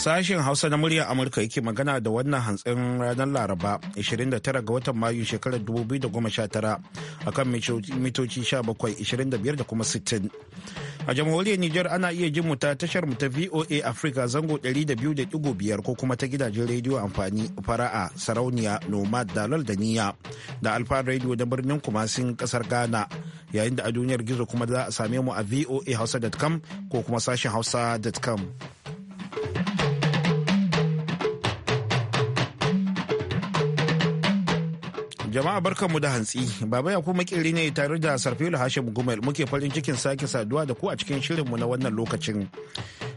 Sashen Hausa na muryar Amurka yake magana da wannan hantsin ranar Laraba 29 ga watan Mayu shekarar 2019 akan mitoci 17, da kuma 60. A jamhuriyar Nijar ana iya jin mu ta tashar mu ta VOA Africa zango 200.5 ko kuma ta gidajen rediyo amfani fara'a sarauniya nomad dalal da niya da alfa rediyo da birnin kumasin kasar Ghana yayin da a duniyar gizo kuma za a same mu a voahausa.com ko kuma sashen hausa.com. Jama'a barkanmu da hantsi, Baba Yakubu makiri ne tare da Sarfilu Hashim Gumel muke farin cikin sake saduwa da ku a cikin shirinmu na wannan lokacin.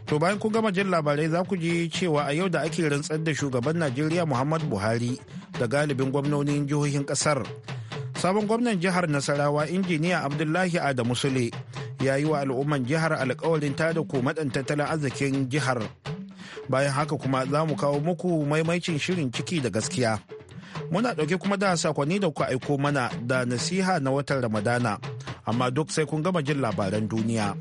To bayan ku gama jin labarai za ku ji cewa a yau da ake rantsar da shugaban Najeriya Muhammadu Buhari da galibin gwamnonin jihohin kasar. Sabon gwamnan jihar Nasarawa injiniya Abdullahi Adamu Sule ya yi wa al'umman jihar alkawarin tada komaɗan tattalin arzikin jihar. Bayan haka kuma za mu kawo muku maimaicin shirin ciki da gaskiya. Muna ɗauke kuma da sakonni da kuka aiko mana da nasiha na watan Ramadana, amma duk sai kun gama jin labaran duniya.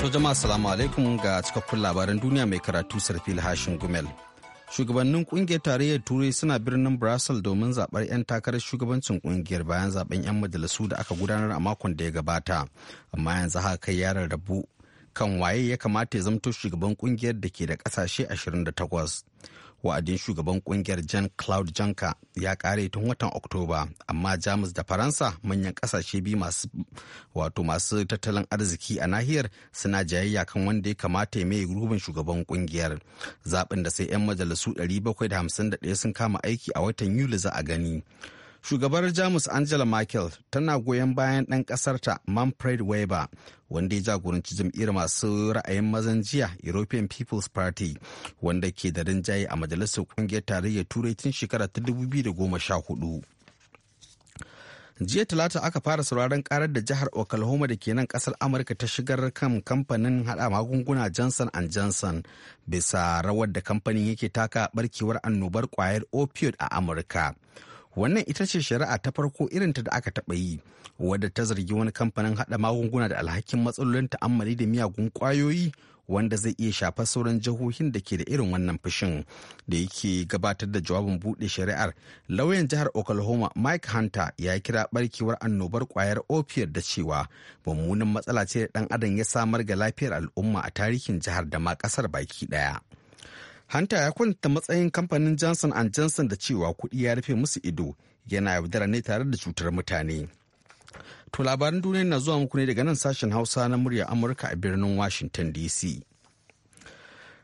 To jama'a assalamu alaikum ga cikakkun labaran duniya mai karatu sarfil hashin gumel. Shugabannin kungiyar tarayyar turai suna birnin Brussels domin zaɓar 'yan takarar shugabancin kungiyar bayan zaben 'yan majalisu da aka gudanar a makon da ya gabata. Amma yanzu haka kai ya rarrabu kan waye ya kamata ya zamto shugaban kungiyar da ke da kasashe 28 wa'adin shugaban kungiyar jan claude janka ya kare tun watan oktoba amma jamus da faransa manyan kasashe biyu masu wato masu tattalin arziki a nahiyar suna jayayya kan wanda ya kamata ya mai gurbin shugaban kungiyar zaɓin da sai 'yan majalisu 751 sun kama aiki a watan yuli za a gani Shugabar Jamus Angela Merkel tana goyon bayan ɗan ƙasarta Manfred Weber wanda ya jagoranci jam'iyyar masu ra'ayin mazan jiya European People's Party wanda ke da rinjaye a majalisar ƙungiyar tarayyar turai tun shekara ta 2014. jiya talata aka fara sauraron karar da jihar oklahoma da ke nan kasar amurka ta shigar kan kamfanin hada magunguna johnson johnson bisa rawar da kamfanin yake taka barkewar annobar kwayar opioid a amurka wannan ita ce shari'a ta farko irinta da aka taɓa yi wadda ta zargi wani kamfanin haɗa magunguna da alhakin matsalolin ta'ammali da miyagun ƙwayoyi wanda zai iya shafar sauran jihohin da ke da irin wannan fushin da yake gabatar da jawabin buɗe shari'ar lauyan jihar oklahoma mike hunter ya kira barkewar annobar kwayar ofiyar da cewa mummunan matsala ce da ɗan adam ya samar ga lafiyar al'umma a tarihin jihar da ma ƙasar baki ɗaya. hanta ya kwanta matsayin kamfanin johnson and johnson da cewa kuɗi ya rufe musu ido yana yaudara ne tare da cutar mutane to labaran duniya na zuwa muku ne daga nan sashen hausa na murya amurka a birnin washington dc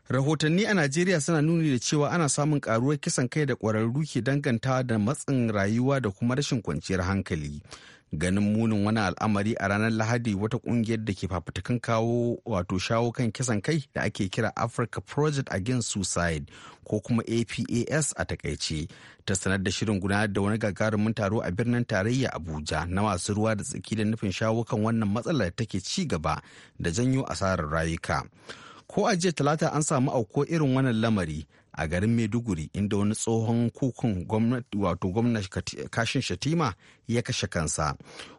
rahotanni a najeriya suna nuni da cewa ana samun karuwar kisan kai da kwararru ke dangantawa da matsin rayuwa da kuma rashin kwanciyar hankali ganin munin wani al'amari a ranar lahadi wata kungiyar da ke fafutukan kawo wato shawo kan kisan kai da ake kira africa project against suicide ko kuma apas a takaice ta sanar da shirin gudanar da wani gagarumin taro a birnin tarayya abuja na masu ruwa da tsaki da nufin shawo kan wannan matsalar take ci gaba da janyo asarar rayuka ko a jiya talata an samu auko irin wannan lamari a garin maiduguri inda wani tsohon kukun wato gwamna kashin shatima ya kashe kansa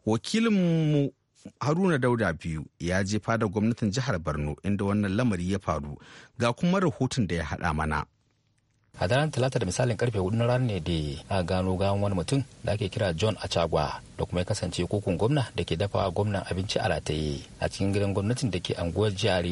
wakilinmu haruna dauda biyu ya je fada gwamnatin jihar borno inda wannan lamari ya faru ga kuma rahoton da ya hada mana a daren talata da misalin karfe hudu na rana ne da a gano gawan wani mutum da ake kira john a cagwa da kuma ya kasance kukun gwamna da ke dafa gwamnan abinci a rataye a cikin gidan gwamnatin da ke anguwar jihar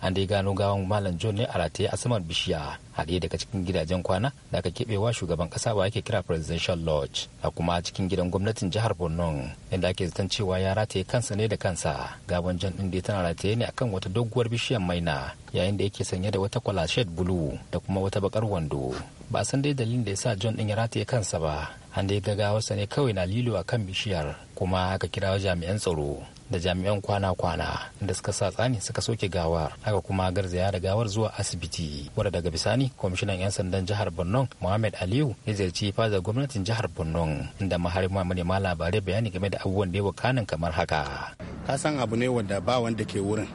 an dai gano gawan malam john ne a rataye a saman bishiya a ɗaya daga cikin gidajen kwana da aka keɓewa shugaban ƙasa wa ake kira presidential lodge a kuma cikin gidan gwamnatin jihar borno inda ake zaton cewa ya rataye kansa ne da kansa gaban jan ɗin da tana rataye ne akan wata doguwar bishiyar maina yayin da yake sanye da wata kwalashed bulu da kuma wata bakar wando ba a san dai dalilin da ya sa john ɗin ya rataye kansa ba an dai gagawarsa ne kawai na lilo akan bishiyar kuma aka kira jami'an tsaro da jami'an kwana-kwana da suka sa tsani suka soke gawar haka kuma garzaya da gawar zuwa asibiti wadda daga bisani kwamishinan 'yan sandan jihar borno muhammad aliyu ya ziyarci fadar gwamnatin jihar borno inda mahari ma manema labarai bayani game da abubuwan da ya wakanin kamar haka ka san abu ne wanda ba wanda ke wurin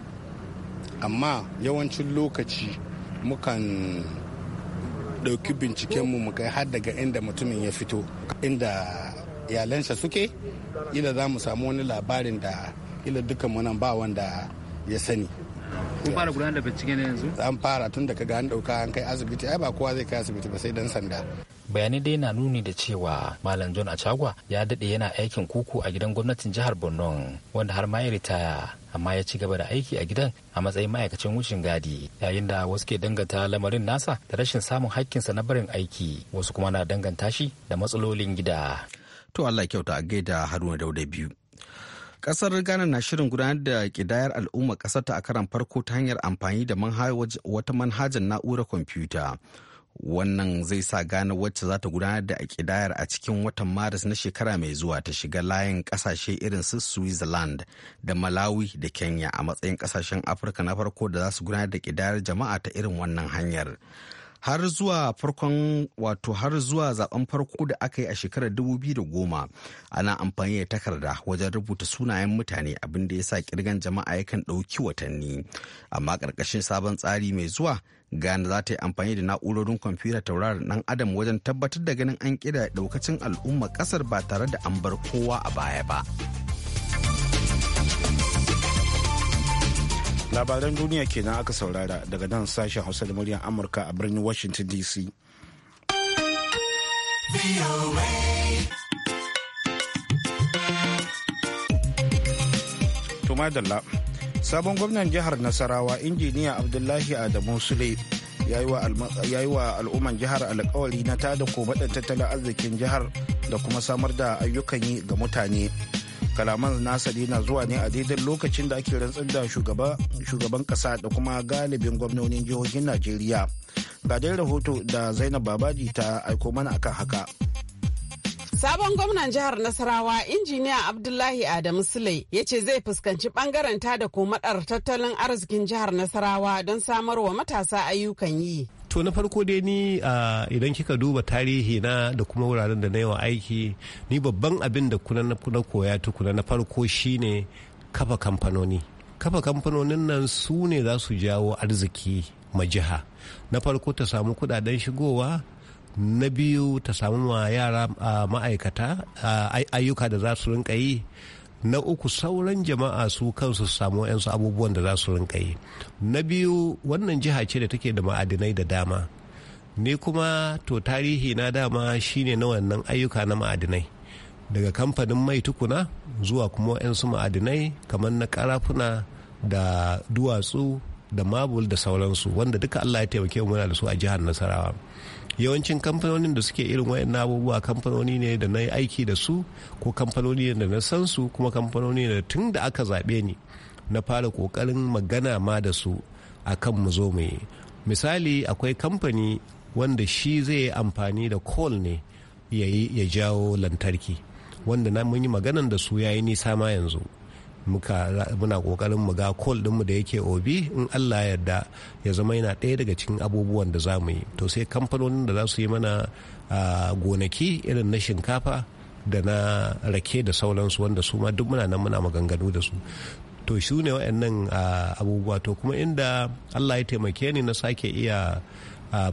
amma yawancin lokaci mukan ɗauki bincikenmu mu kai har daga inda mutumin ya fito inda iyalansa suke ila za mu samu wani labarin da ila dukkan munan ba wanda ya sani kun fara gudanar da bincike ne yanzu an fara tun da kaga an dauka an kai asibiti ai ba kowa zai kai asibiti ba sai dan sanda bayanai dai na nuni da cewa malam john achagwa ya dade yana aikin kuku a gidan gwamnatin jihar borno wanda har ma ya ritaya amma ya ci gaba da aiki a gidan a matsayin ma'aikacin wucin gadi yayin da wasu ke danganta lamarin nasa da rashin samun hakkinsa na barin aiki wasu kuma na danganta shi da matsalolin gida to Allah kyauta a gaida Haruna Dauda biyu. Kasar Ghana na shirin gudanar da kidayar al'umma kasar ta a karan farko ta hanyar amfani da wata manhajar na'urar kwamfuta. Wannan zai sa gane wacce za ta gudanar da kidayar a cikin watan Maris na shekara mai zuwa ta shiga layin kasashe irin su Switzerland da Malawi da Kenya a matsayin kasashen Afirka na farko da za su gudanar da kidayar jama'a ta irin wannan hanyar. har zuwa farkon wato har zuwa zaben farko da aka yi a shekarar 2010 ana amfani da takarda wajen rubuta sunayen mutane abin da ya sa kirgan jama'a yakan ɗauki watanni amma ƙarƙashin sabon tsari mai zuwa gana za ta yi amfani da na'urorin kwamfuta tauraron ɗan adam wajen tabbatar da ganin an ƙira ɗaukacin al'umma ƙasar ba tare da an bar kowa a baya ba. labaran duniya kenan aka saurara daga nan sashen hausa da muryar amurka a birnin washington dc tumadalla sabon gwamnan jihar nasarawa injiniya abdullahi adamu sule ya yi wa al'umman jihar alkawari na tada koma tattalin arzikin jihar da kuma samar da ayyukan yi ga mutane kalaman nasa na zuwa ne a daidai lokacin da ake rantsar da shugaban kasa da kuma galibin gwamnonin jihohin najeriya ga dai rahoto da zainab babaji ta aiko mana akan haka Sabon gwamnan jihar Nasarawa, injiniya Abdullahi Adamu Sule ya ce zai fuskanci bangaren da komadar tattalin arzikin jihar Nasarawa don samarwa matasa ayyukan yi. to na farko dai ni idan kika duba tarihi na da kuma wuraren da na yawa aiki ni babban abin da kuna na koya tukuna na farko shine kafa kamfanoni kafa kamfanonin nan su ne za su jawo arziki ma jiha na farko ta samu kudaden shigowa na biyu ta samu ma yara ma'aikata ayyuka da za su rinka yi na uku sauran jama'a su kansu samu yansu abubuwan da za su rinka yi na biyu wannan jiha ce da take da ma'adinai da dama ni kuma to tarihi na dama shine na wannan ayyuka na ma'adinai daga kamfanin mai tukuna zuwa kuma yansu ma'adinai kamar na karafuna da duwatsu da mabul da sauransu wanda duka allah ya taimake muna da su a jihar nasarawa yawancin kamfanonin da suke irin wayan abubuwa kamfanoni ne da na yi aiki da su ko kamfanoni ne da na san su kuma kamfanoni ne tun da aka zaɓe ni na fara ƙoƙarin magana ma da su a mu zo mu yi misali akwai kamfani wanda shi zai amfani da kol ne ya jawo lantarki wanda na mun yi maganan da su ya nisa ma yanzu muna kokarin mu ga kol dinmu da yake obi in allah yarda ya zama yana ɗaya daga cikin abubuwan da za mu yi to sai kamfanonin da za su yi mana gonaki irin na shinkafa da na rake da sauransu wanda su ma duk muna nan muna maganganu da su to shi ne waɗannan abubuwa to kuma inda allah ya taimake ni na sake iya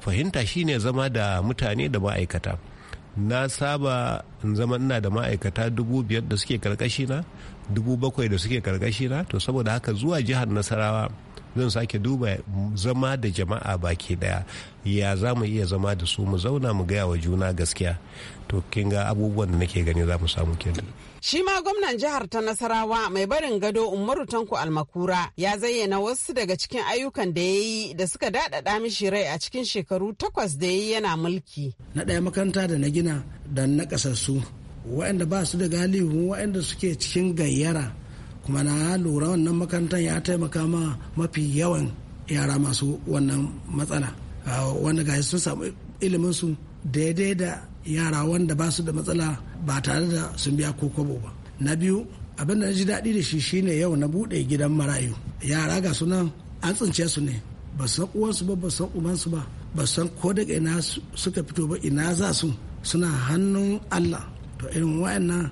fahimta shine zama da mutane da ma'aikata na saba in zama ina da ma'aikata dubu biyar da suke karkashi dubu bakwai da suke karkashi to saboda haka zuwa jihar nasarawa zan sake duba zama da jama'a baki daya ya za mu iya zama da su mu zauna mu gaya wa juna gaskiya to kin ga abubuwan da nake gani za mu samu kenan Shi ma gwamnan jihar ta Nasarawa mai barin gado Umaru Tanko Almakura ya zayyana wasu daga cikin ayyukan da ya yi da suka daɗaɗa mishi rai a cikin shekaru takwas da ya yi yana mulki. Na ɗaya makaranta da na gina da na ƙasassu wa'anda ba su da galihu waɗanda suke cikin gayyara kuma na lura wannan makarantar ya taimaka ma mafi yawan yara masu wannan matsala ah, wanda ga sun samu ilimin su daidai da yara wanda ba su da matsala ba tare da sun biya ko kwabo ba na biyu abin da na ji daɗi da shi shine yau na buɗe gidan marayu yara ga sunan an tsince su ne ba san uwansu ba ba san umansu ba ba san ko daga ina suka fito ba ina za su suna hannun allah to irin wa'annan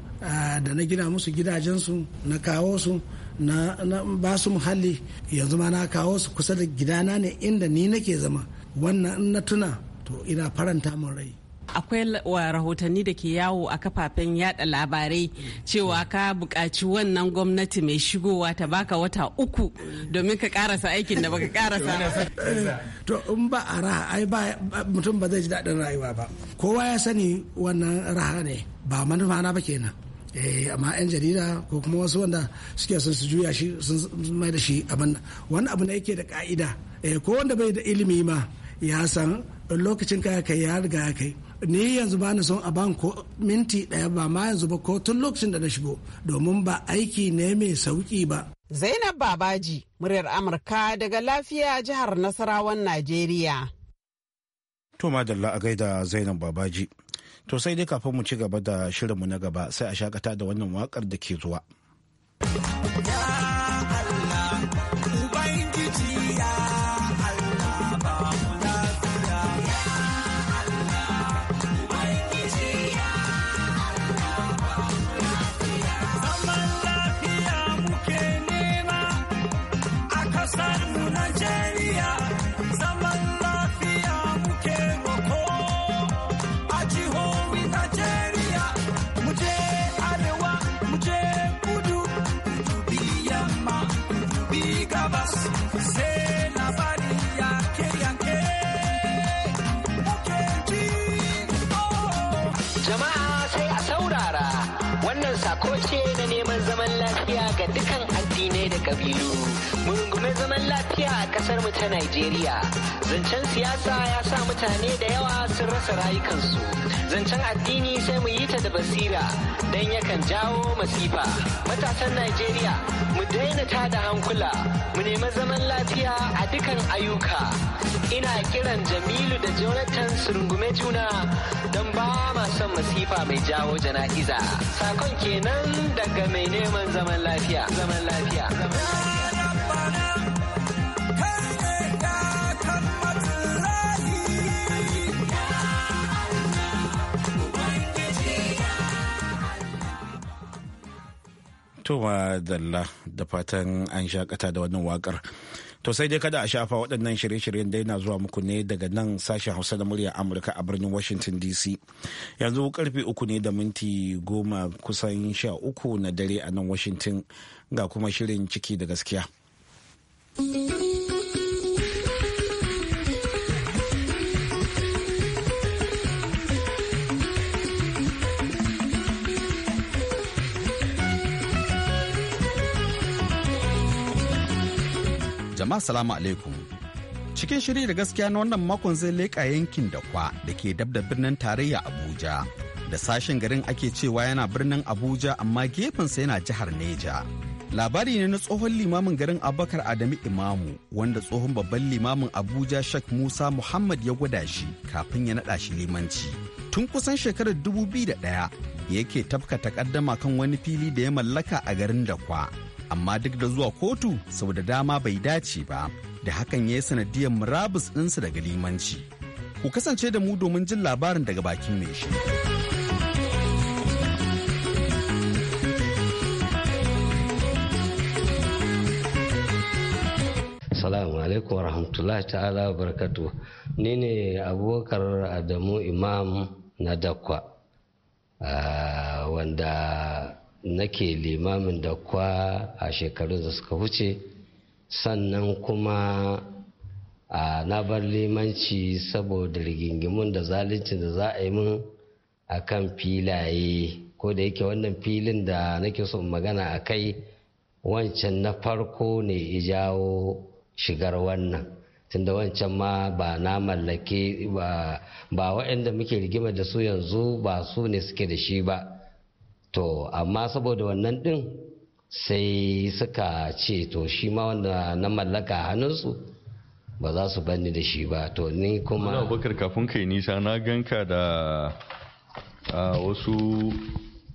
da na gina musu gidajensu na kawo su na ba su muhalli yanzu ma na kawo su kusa da gidana ne inda ni nake zama wannan in na tuna to ina faranta mun rai akwai rahotanni da ke yawo a kafafen yada labarai cewa ka buƙaci wannan gwamnati mai shigowa ta baka wata uku domin ka karasa aikin da baka karasa to in ba a raha ai ba mutum ba zai ji daɗin rayuwa ba kowa ya sani wannan raha ne ba manufa na ba kenan eh, amma 'yan jarida ko kuma wasu wanda suke sun su juya shi sun mai da shi abin wani abu ne yake da ka'ida eh, ko wanda bai da ilimi ma ya san lokacin ka kai ya riga ya kai ni yanzu ba ni son a ban ko minti ɗaya ba ma yanzu ba ko tun lokacin da na shigo domin ba aiki ne mai sauki ba. Zainab Babaji, muryar Amurka daga lafiya jihar Nasarawan Najeriya. To madalla a gaida Zainab Babaji. To sai dai kafin mu ci gaba da shirinmu na gaba sai a shakata da wannan wakar da ke zuwa. kabilu gume zaman lafiya a kasar mu ta Najeriya zancen siyasa ya sa mutane da yawa sun rasa rayukansu zancen addini sai mu yi ta da basira dan yakan jawo masifa matasan Najeriya mu daina ta da hankula mu nemi zaman lafiya a dukan ayyuka ina kiran jamilu da jonathan su rungume juna don ba ma son masifa mai jawo jana'iza sakon kenan daga mai neman zaman lafiya zaman lafiya Toma Dalla da fatan an shaƙata da wannan waƙar To sai dai kada a shafa waɗannan shirye-shiryen da yana zuwa muku ne daga nan sashen Hausa da muryar Amurka a birnin Washington DC. Yanzu karfe uku ne da minti goma kusan sha uku na dare a nan Washington ga kuma shirin ciki da gaskiya. Jama'a salamu alaikum. Cikin shiri da gaskiya na wannan makon zai leƙa yankin da kwa da ke dab da birnin tarayya Abuja. Da sashen garin ake cewa yana birnin Abuja amma gefensa yana jihar Neja. Labari ne na tsohon limamin garin Abubakar Adamu Imamu wanda tsohon babban limamin Abuja Sheikh Musa Muhammad ya gwada shi kafin ya naɗa shi limanci. Tun kusan shekarar dubu biyu da 2001 yake tafka takaddama kan wani fili da ya mallaka a garin da kwa. amma duk da zuwa kotu sau da dama bai dace ba da hakan ya yi sanadiyar murabus ɗinsu daga limanci ku kasance da mu domin jin labarin daga bakin mai shi Salamu alaikum rahmatullahi ta'ala barakatu ni ne abokar adamu imam na dakwa ah, wanda nake limamin da kwa a shekarun da suka wuce sannan kuma a na bar limanci saboda rigingimun da zaluncin da za a yi mun a kan filaye ko da yake wannan filin da nake son magana a kai wancan na farko ne ijawo shigar wannan tunda wancan ma ba na mallake ba waɗanda muke rigima da su yanzu ba su ne suke da shi ba to amma saboda wannan ɗin sai suka ce to shi ma wanda na mallaka hannunsu ba za su banni da shi ba to ni kuma na bakar kafin kai nisa na ganka da wasu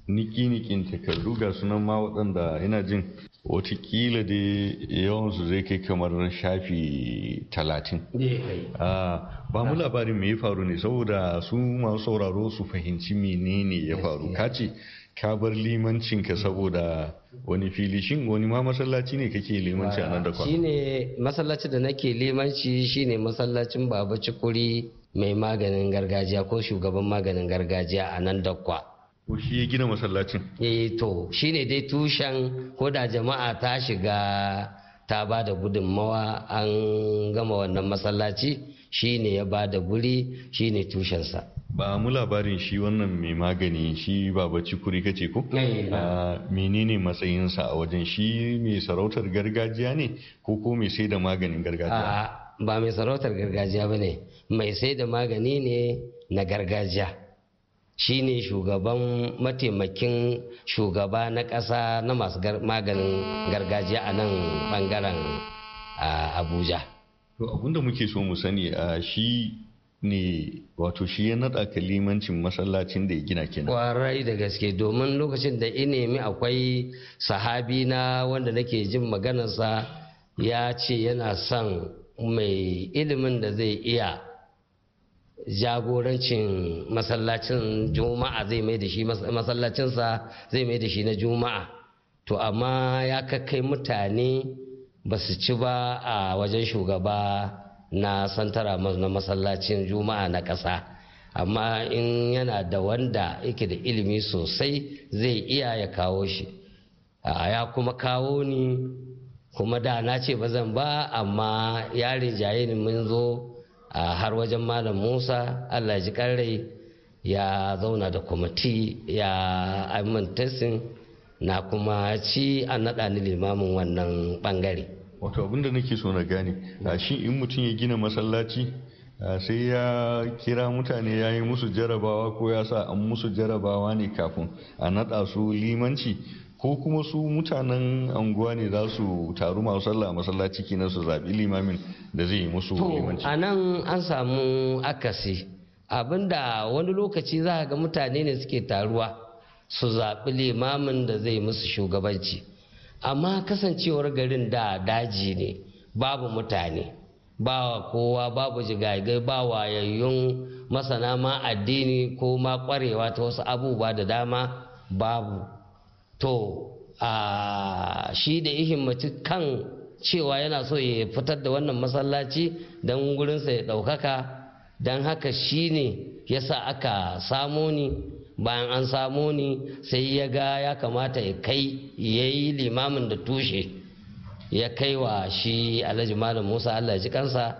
niki-nikin takardu ga sunan ma waɗanda ina jin watakila da yawansu zai kai kamar shafi talatin eh, ba mu labarin mai faru ne saboda su masu sauraro su fahimci menene ya faru kace ka bar limancinka saboda wani fili shin wani ma masallaci ne kake limanci a nan da kwana ne masallaci da nake limanci shine masallacin baba cikuri mai maganin gargajiya ko shugaban maganin gargajiya a nan kwa ko shi ya gina masallacin eh to shine dai tushen ko da jama'a ta shiga ta ba da gudunmawa an gama wannan masallaci shine ya ba da guri shine tushensa ba mu labarin shi wannan mai magani shi baba cikuri kace ko eh, eh, ah, menene matsayinsa a wajen shi mai sarautar gargajiya ne ko ko mai sai da maganin gargajiya ba mai sarautar gargajiya ba ne mai sai da magani ne na gargajiya shi ne shugaban mataimakin shugaba na ƙasa na masu maganin gargajiya a nan bangaren ah, abuja to abinda muke so mu sani a ah, shi ne wato shi ya naɗa kalimancin masallacin da ya gina kenan kwarai da gaske domin lokacin da inemi akwai sahabi na wanda nake jin maganarsa ya ce yana son mai ilimin da zai iya jagorancin masallacin juma'a zai mai da shi masallacinsa zai mai da shi na juma'a to amma ya kakkai mutane ba su ci ba a wajen shugaba na santara na masallacin juma'a na ƙasa amma in yana da wanda yake da ilimi sosai zai iya ya kawo shi A ya kuma kawo ni kuma da na ce ba zan ba amma ya rinjaye ni mun zo a har wajen malam musa allah ji rai ya zauna da kwamiti ya amintasin na kuma ci an naɗa ni limamin wannan ɓangare wato abinda nake so na gane a shi in mutum ya gina masallaci sai ya kira mutane ya yi musu jarabawa ko ya sa an musu jarabawa ne kafin a naɗa su limanci ko kuma su mutanen anguwa ne za su taru masu sallah masallaci kenan su zaɓi limamin da zai yi musu limanci. a nan an samu akasi abinda wani lokaci za ga mutane ne suke taruwa su zaɓi limamin da zai musu shugabanci. amma kasancewar garin da daji ne babu mutane ba kowa babu jigagai ba wayayyun masana ma addini ko ma kwarewa ta wasu abubuwa da dama babu to a shi da himmaci kan cewa yana so ya fitar da wannan masallaci don gurinsa ya ɗaukaka don haka shi ne ya sa aka samo ni bayan an samu ni sai ya ga ya kamata ya kai ya yi limamin da tushe ya kai wa shi alhaji malam musa allah ji kansa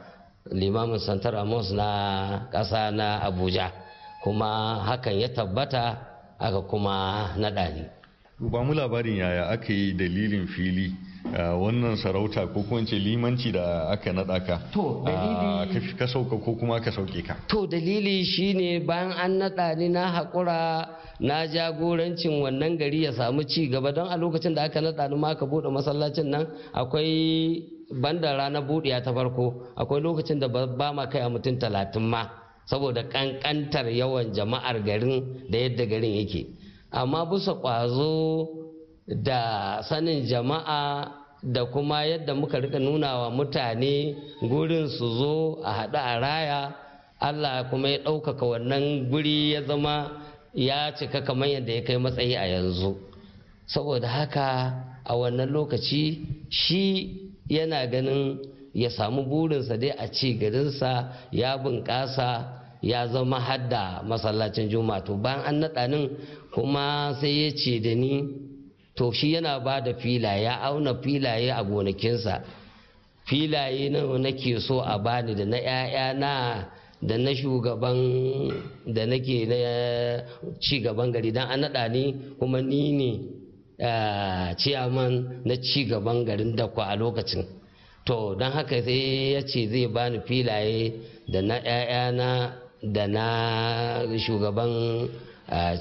limamin santar amos na ƙasa na abuja kuma hakan ya tabbata aka kuma naɗa ni. ba mu labarin yaya aka yi dalilin fili wannan sarauta ko kuma ce limanci da aka naɗa ka to dalili ka sauka ko kuma ka sauke ka to dalili shine bayan an naɗa ni na haƙura na jagorancin wannan gari ya samu ci gaba don a lokacin da aka naɗa ni ma ka buɗe masallacin nan akwai banda ranar buɗiya ta farko akwai lokacin da ba ma kai a mutum talatin ma saboda ƙanƙantar yawan jama'ar garin da yadda garin yake amma bisa ƙwazo da sanin jama'a da kuma yadda muka rika nuna wa mutane gurin su zo a haɗu a raya allah kuma ya ɗaukaka wannan guri ya zama ya cika kamar yadda ya kai matsayi a yanzu saboda haka a wannan lokaci shi yana ganin ya samu burinsa dai a ci garinsa ya bunƙasa ya zama hadda masallacin juma'a to bayan an naɗa nin kuma sai ya ce da ni to shi yana ba da filaye ya auna filaye a gonakinsa filaye nake so a bani da na 'ya'yana da na shugaban da nake na ci gaban gari don an naɗa ni kuma ni ne ciyaman na ci gaban garin dakwa a lokacin to don haka sai ya ce zai bani filaye da na 'ya'yana da na shugaban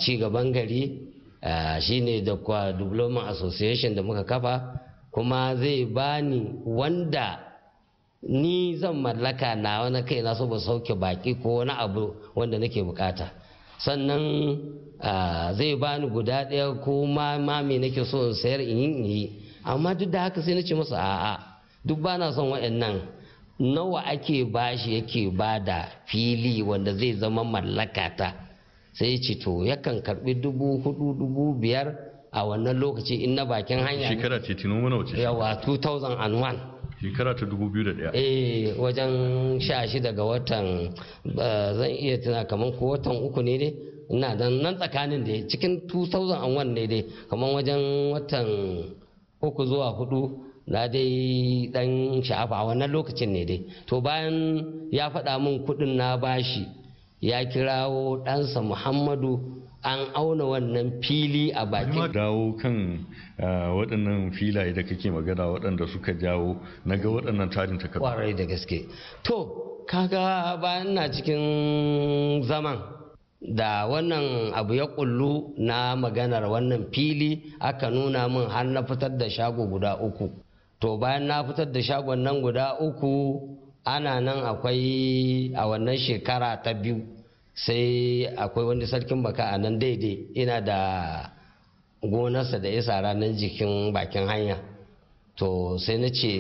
ci gaban gari Ah, shine da kwa diploma association da muka kafa kuma zai bani wanda ni zan mallaka na wani kai na so ba sauke baki ko wani abu wanda nake bukata sannan ah, zai bani guda ɗaya ko ma me nake so in sayar in yi yi amma duk da haka sai na ce masa a'a duk bana son wa'annan nawa ake bashi yake bada fili wanda zai zama mallakata sai ya ce to yakan karbi dubu hudu dubu biyar a wannan lokaci in na bakin hanya shekara ce tino mana wace yawa 2001 shekara ta 2001 eh wajen sha shi daga watan eh, zan iya tuna kamar ko watan uku ne dai ina dan nan tsakanin da cikin 2001 ne dai kamar wajen watan uku zuwa hudu na dai dan sha'afa a wannan lokacin ne dai to bayan ya faɗa min kuɗin na bashi ya kirawo ɗansa muhammadu an auna wannan fili a bakin dawo kan ah, waɗannan filaye da kake magana waɗanda suka jawo na ga waɗannan tarin takardu ƙwarai da gaske to kaga bayan na cikin zaman da wannan abu ya kullu na maganar wannan fili aka nuna min har na fitar da shago guda uku to bayan na fitar da shagon nan guda uku ana nan akwai a wannan shekara ta biyu sai akwai wani sarkin baka a nan daidai ina da gonarsa da isa ranar jikin bakin hanya to sai na ce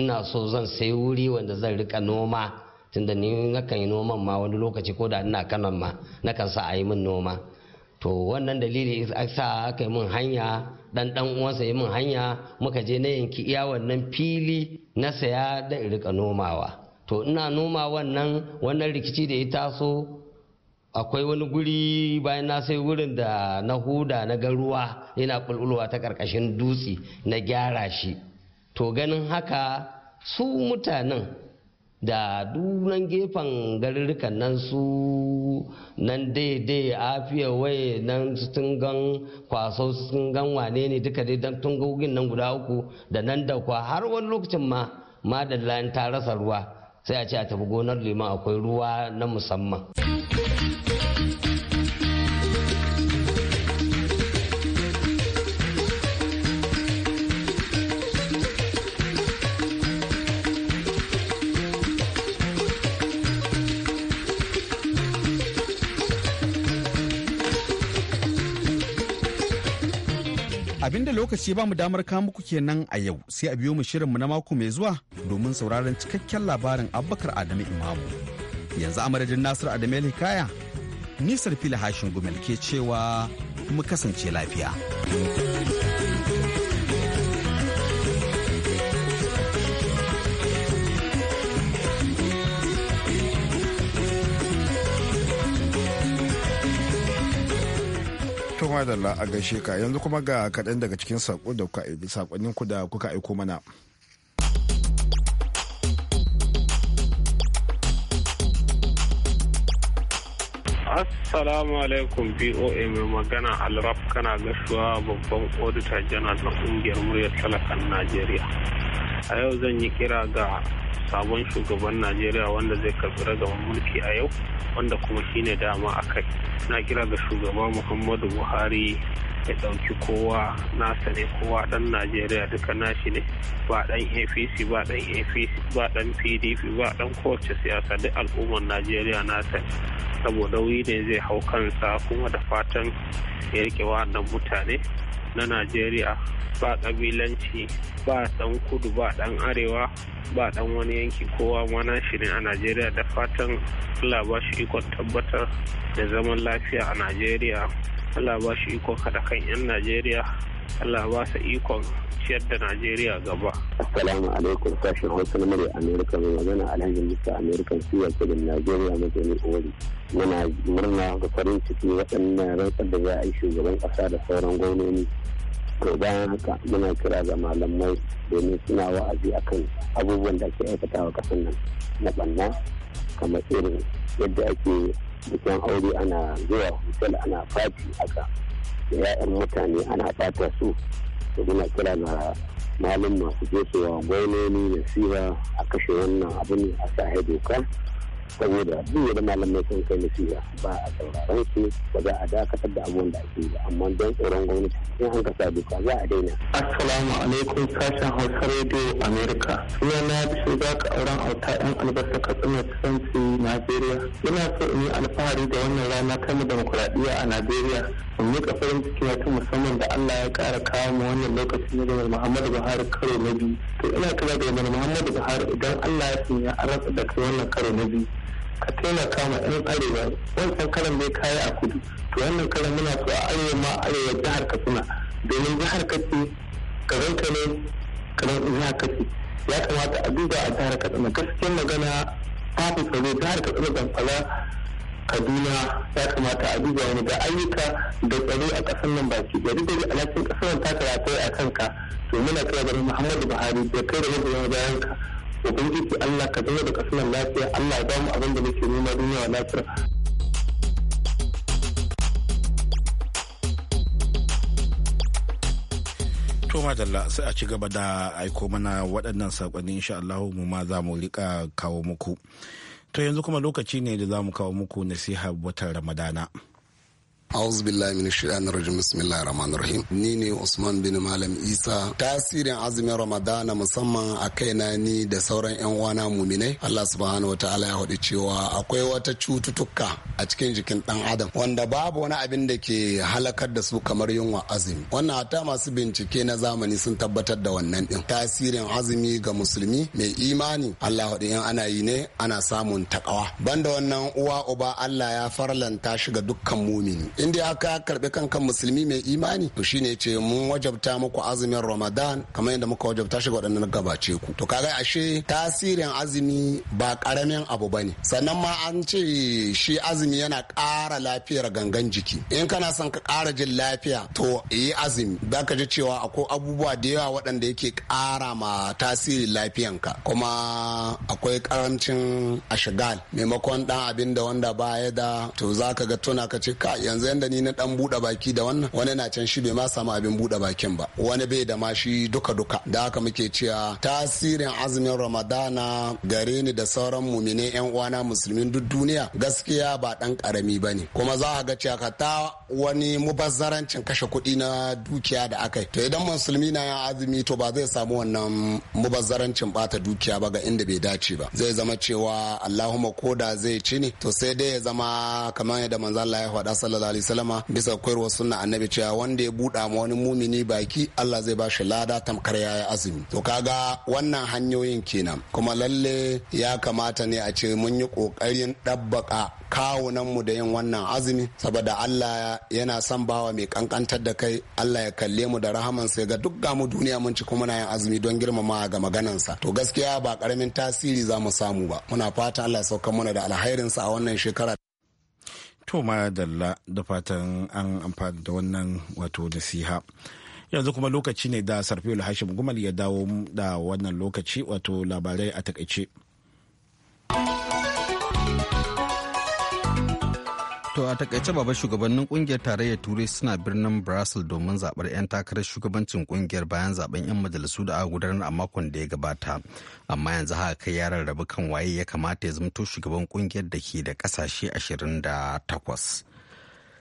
ina so zan sai wuri wanda zan rika noma tunda ni nakan yi noman ma wani lokaci ko da ina kanan ma nakan sa a yi min noma to wannan dalili sa aka yi min hanya dan dan uwansa yi min hanya muka je na yanki iya wannan fili na saya da rika nomawa to ina noma wannan wannan rikici da ya taso akwai wani guri bayan na sai wurin da na huda na ga ruwa yana bulbulwa ta karkashin dutse na gyara shi to ganin haka su mutanen da dunan gefen garurrukan nan su nan daidai afiya waye nan sun gan kwaso sun gan wane ne duka dai tun tungogin nan guda uku da nan da kwa har wani lokacin ma madalla ta rasa ruwa sai a ce a tafi gonar liman akwai ruwa na musamman. abinda lokaci ba mu damar kawo muku kenan a yau sai a biyo mu shirinmu na mako mai zuwa domin sauraron cikakken labarin abubakar adamu imamu yanzu a madadin nasir adamu hikaya nisar fila hashin gumel ke cewa mu kasance lafiya. ma da a gaishe ka yanzu kuma ga kaɗan daga cikin saƙonnin ku da kuka aiko mana. Assalamu alaikum BOA mai magana Alraf kana gashuwa babban odita janar na kungiyar muryar talakan Najeriya. A yau zan yi kira ga sabon shugaban Najeriya wanda zai karbi ragaban ciki a yau wanda kuma shine dama a kai na kira ga shugaba muhammadu buhari ya ɗauki kowa nasa ne kowa ɗan najeriya duka nashi ne ba ɗan apc ba ɗan apc ba ɗan pdp ba ɗan kowace siyasa duk al'ummar najeriya nasa saboda wuri ne zai hau kansa kuma da fatan ya rike wa'annan mutane na najeriya ba kabilanci ba ɗan kudu ba ɗan arewa ba ɗan wani yanki kowa mana shi ne a najeriya da fatan allah ba shi ikon tabbatar da zaman lafiya a najeriya Allah ba shi ikon haɗa kan 'yan Najeriya Allah ba sa ikon ciyar da Najeriya gaba. Assalamu alaikum sashen Hausa na murya Amerika mai magana Alhaji Mista Amerika siya kudin Najeriya mazauni Ori. Muna murna ga farin ciki waɗannan rantsar da za a yi shugaban ƙasa da sauran gwamnoni. To bayan haka muna kira ga malamai domin suna wa'azi akan abubuwan da ake aikatawa ƙasar nan na ɓanna kamar irin yadda ake bikin aure ana zuwa hotel ana fati haka da ya'yan mutane ana bata su da muna kira na malin masu jesowa gwamnoni nasiha a kashe wannan abin a sa doka saboda duk wani malamai sun kai nasiha ba a sauraron su ba za a dakatar da abubuwan da ake ba amma don tsoron gwamnati in an kasa duka za a daina. assalamu alaikum sashen hausa radio america suna bisu za ka auren auta yan albasa katsina sanci najeriya ina so in yi alfahari da wannan rana ta mu demokuraɗiyya a najeriya in miƙa farin ciki na ta musamman da allah ya ƙara kawo mu wannan lokacin na janar muhammadu buhari karo na biyu to ina kira da janar muhammadu buhari idan allah ya sanya a rasa da kai wannan karo na biyu ka taimaka ma 'yan arewa wancan karan bai kaya a kudu to wannan karan muna so a arewa ma arewa jihar katsina domin jihar katsi ka ka ne karan jihar katsi ya kamata a duba a jihar katsina gaskiyar magana babu tsaro jihar katsina fara kaduna ya kamata a duba wani da ayyuka da tsaro a ƙasar nan baki gari da alhakin ƙasar ta karatu a kanka to muna kira da muhammadu buhari da kai da mabiyan ka ubangiji Allah ka zama da kasar lafiya Allah ya bamu abin da muke nema duniya wa lafiya to madalla sai a ci gaba da aiko mana waɗannan saƙonni insha Allah mu ma za mu rika kawo muku to yanzu kuma lokaci ne da za mu kawo muku nasiha watan ramadana auzu billahi min shaitanir rajim bismillahir rahmanir rahim ni ne usman bin malam isa tasirin azumin ramadana musamman a kaina ni da sauran yan uwana muminai allah subhanahu wa ta'ala ya hudu cewa akwai wata cututtuka a cikin jikin dan adam wanda babu wani abin da ke halakar da su kamar yunwa azumi wannan hatta masu bincike na zamani sun tabbatar da wannan din tasirin azumi ga musulmi mai imani allah hudu in ana yi ne ana samun takawa banda wannan uwa uba allah ya farlanta shi ga dukkan mumini in dai aka karbi kankan musulmi mai imani to shine ce mun wajabta muku azumin ramadan kamar yadda muka wajabta shi ga waɗannan gabace ku to kaga ashe tasirin azumi ba karamin abu bane sannan ma an ce shi azumi yana ƙara lafiyar gangan jiki in kana son ka ƙara jin lafiya to yi azumi za ka ji cewa akwai abubuwa da yawa waɗanda yake ƙara ma tasirin ka? kuma akwai karancin ashigal maimakon ɗan abin da wanda ya da to za ka ga tuna ka ce ka yanzu sayan ni na dan buɗe baki da wannan wani na can shi bai ma samu abin buɗe bakin ba wani bai da ma shi duka duka da haka muke cewa tasirin azumin ramadana gare ni da sauran mumine yan uwana musulmin duk duniya gaskiya ba dan karami ba ne kuma za ga cewa ka ta wani mubazzarancin kashe kuɗi na dukiya da aka yi to idan musulmi na yan azumi to ba zai samu wannan mubazzarancin bata dukiya ba ga inda bai dace ba zai zama cewa allahumma da zai ci ne to sai dai ya zama kamar yadda manzon Allah ya faɗa sallallahu salama bisa koyarwa sunna annabi cewa wanda ya buɗa ma wani mumini baki Allah zai ba shi lada tamkar yi azumi to kaga wannan hanyoyin kenan kuma lalle ya kamata ne a ce mun yi kokarin ɗabbaka kawunanmu da yin wannan azumi saboda Allah yana son bawa mai kankantar da kai Allah ya kalle mu da rahaman sai ga duk ga mu duniya mun ci kuma na yin azumi don girmama ga maganansa to gaskiya ba karamin tasiri za mu samu ba muna fata Allah ya sauka mana da alhairinsa a wannan shekara to ma dalla da fatan an amfani da wannan wato nasiha yanzu kuma lokaci ne da sarfiyul hashim gumal ya dawo da wannan lokaci wato labarai a takaice. To a takaice baba shugabannin kungiyar tarayyar turai suna birnin Brussels domin zaɓar 'yan takarar shugabancin kungiyar bayan zaben 'yan majalisu da aka gudanar a makon da ya gabata. Amma yanzu haka kai ya rarrabu kan waye ya kamata ya zamto shugaban kungiyar da ke da ƙasashe 28.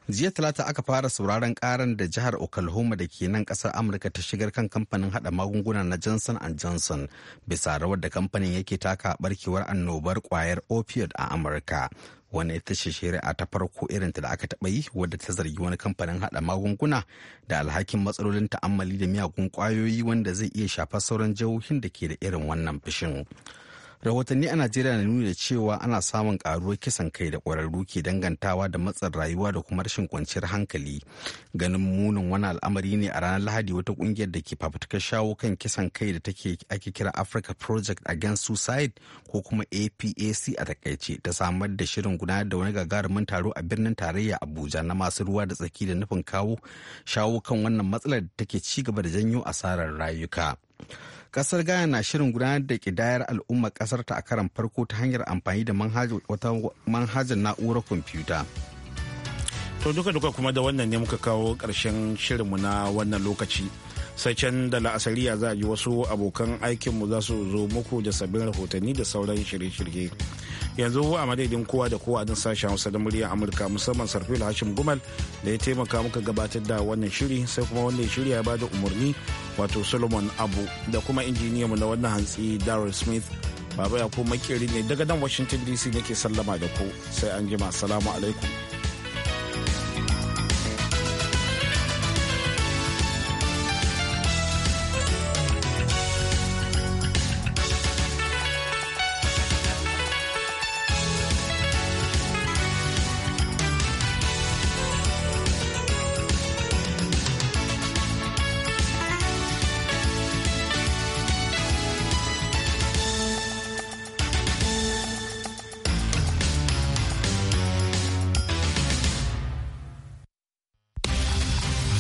jiya talata aka fara sauraron karan da jihar oklahoma da ke nan kasar amurka ta shigar kan kamfanin hada magunguna na johnson johnson bisa rawar da kamfanin yake taka barkewar annobar kwayar opioid a amurka wannan ita ce shari'a ta farko irinta da aka taɓa yi wadda ta zargi wani kamfanin haɗa magunguna da alhakin matsalolin ta'ammali da miyagun kwayoyi wanda zai iya shafar sauran jihohin da ke da irin wannan fishin. rahotanni a najeriya na nuna cewa ana samun karuwar kisan kai da kwararru ke dangantawa da matsin rayuwa da kuma rashin kwanciyar hankali ganin munin wani al'amari ne a ranar lahadi wata kungiyar da ke fafutukar shawo kan kisan kai da take ake kira africa project against suicide ko kuma apac a takaice ta samar da shirin gudanar da wani gagarumin taro a birnin tarayya abuja na masu ruwa da tsaki da nufin kawo shawo kan wannan matsalar da take ci gaba da janyo asarar rayuka. Kasar Ghana na shirin gudanar da kidayar al'ummar kasar ta a karan farko ta hanyar amfani da manhajar na'urar kwamfuta. To duka duka kuma da wannan ne muka kawo ƙarshen shirinmu na wannan lokaci. Sai can da la'asariya za a yi wasu abokan aikinmu za su zo muku da sabbin rahotanni da sauran shirye-shirye. yanzu a madadin kowa da kowa don sashen hausa da muryar amurka musamman sarfil hashim gumal da ya taimaka muka gabatar da wannan shiri sai kuma wanda ya shirya ya bada umarni wato solomon abu da kuma mu na wannan hantsi daryl smith baba ya makeri ne daga nan washington dc nake sallama da ku sai an jima salamu alaikum